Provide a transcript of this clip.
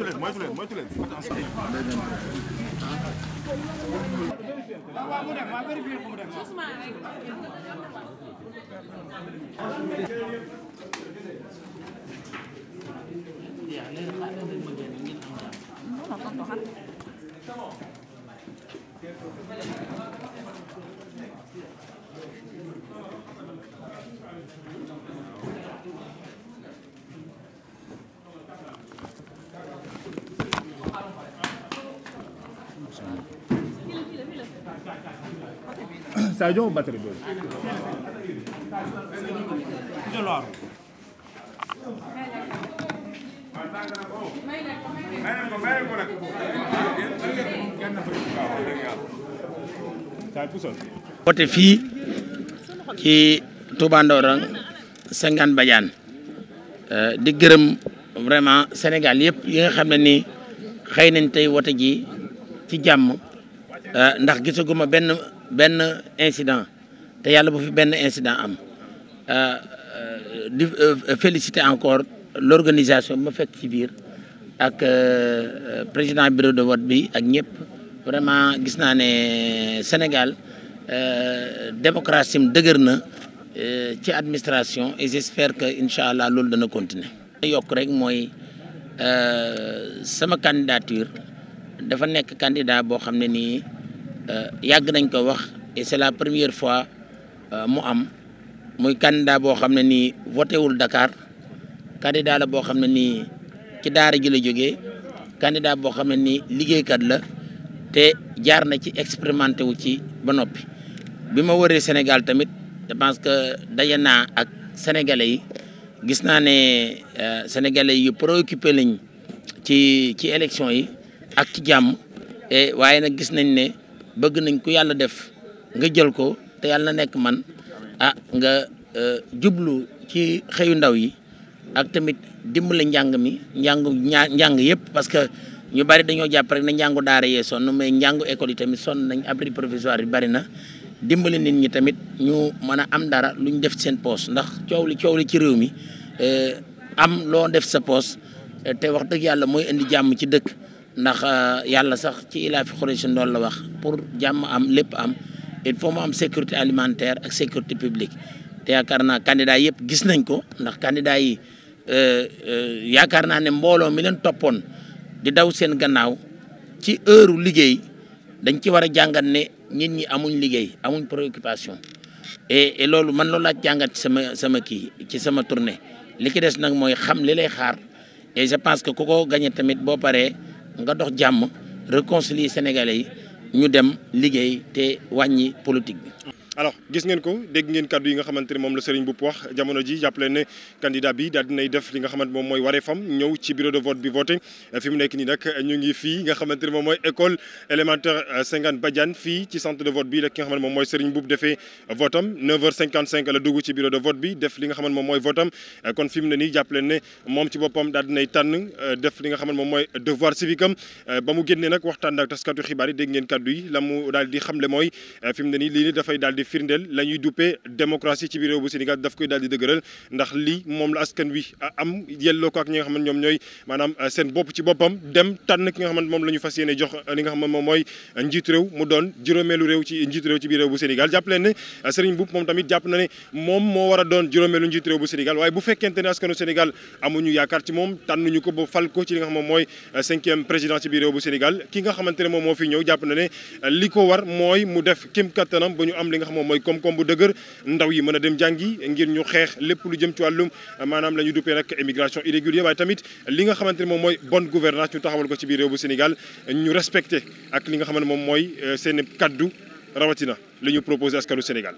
moytu leen moytu leen moytu leen attention stadion Battlefield. fii ci Touba Ndorong Sengane euh, di gërëm vraiment Sénégal yëpp yi nga xam ne nii xëy nañ tey wote ji ci jàmm. Euh, ndax gisaguma benn benn incident te yàlla bu fi benn incident am euh, euh, di féliciter encore l'organisation ma fekk ci biir ak président bureau de vote bi ak ñëpp vraiment gis naa ne Sénégal démocratie mu dëgër na ci administration et j'espère que incha allah loolu dana continuer. yokk rek mooy sama candidature dafa nekk candidat boo xam ne nii. Euh, yàgg nañ ko wax et c'est la première fois euh, mu am muy candidat boo xam ne nii voté dakaar Dakar la boo xam ne nii ci daara ji la jógee candidat boo xam ne nii liggéeykat la te jaar na ci expérimenté wu ci ba noppi bi ma waree Sénégal tamit je pense que daje naa ak sénégalais yi gis naa ne euh, sénégalais yu préoccupé lañ ci ci élection yi ak ci jàmm et waaye nag gis nañ ne. bëgg nañ ku yàlla def nga jël ko te yàlla na nekk man ah nga euh, jublu ci xëyu ndaw yi ak tamit dimbale njàng mi njàngu ñaa njàng yëpp parce que ñu bari dañoo jàpp rek ne njàngu daara yee sonn mais njàngu école yi tamit sonn nañ abri provisoire yi bari na dimbale nit ñi tamit ñu mën a am dara lu ñu def seen poos ndax coow li coow li ci réew mi euh, am loo def sa poos te wax dëgg yàlla mooy indi jàmm ci dëkk ndax euh, yàlla sax ci ilaa fi Quraysh ndool la wax pour jàmm am lépp am il faut mu am sécurité alimentaire ak sécurité publique te yaakaar naa candidat yëpp gis nañ ko ndax candidat yi euh, euh, yaakaar naa ne mbooloo mi leen toppoon di daw seen gannaaw ci heure liggéey dañ ci war a jàngat ne nit ñi amuñ liggéey amuñ préoccupation e loolu man loolu laa jàngat sama sama kii ci sama tournée li ki des nag mooy xam li lay xaar et je panse que ku ko gagné tamit boo paree. nga dox jàmm réconcilier sénégalais yi ñu dem liggéey te wàññi politique bi alors gis ngeen ko dégg ngeen kàddu yi nga xamante ne moom la Serigne Mboup wax jamono ji jàppale ne candidat bi daal dinay def li nga xamante moom mooy wareefam ñëw ci bureau de vote bi voté fi mu nekk nii nag ñu ngi fii nga vote bi la ki nga xamante moom mooy Serigne Mboup defee votam 9h55 la dugg ci bureau de vote bi def li nga xamante moom mooy votam kon fi mu ne nii jàppale ne moom ci boppam daal dinay tànn euh, def li nga xamante moom mooy devoir civique am euh, ba mu génnee nag waxtaan ak taskatu xibaar yi dégg firndeel la ñuy duppee démocratie ci biir réew bu Sénégal daf koy daal di dëgëral ndax lii moom la askan wi am yelloo ko ak ñi nga xam ñoom ñooy maanaam euh, seen bopp ci boppam dem tànn ki nga xam euh, euh, moom moo war a doon juróomeelu njiitu réew bu Sénégal waaye bu fekkente ne askanu Sénégal amuñu yaakaar ci moom tànnuñu ko ba fal ci li nga xam moom moo fi ñëw jàpp na ne li ko war mooy mu def kim kattanam ba ñu am li nga sax moom mooy koom-koom bu dëgër ndaw yi mën a dem jàngi ngir ñu xeex lépp lu jëm ci wàllum maanaam la ñu duppee nag immigration irrégulière waaye tamit li nga xamante ne moom mooy bonne gouvernance ñu taxawal ko ci biir réew bu Sénégal ñu respecté ak li nga xamante moom mooy euh, seeni kàddu rawatina li ñu proposé askanu Sénégal.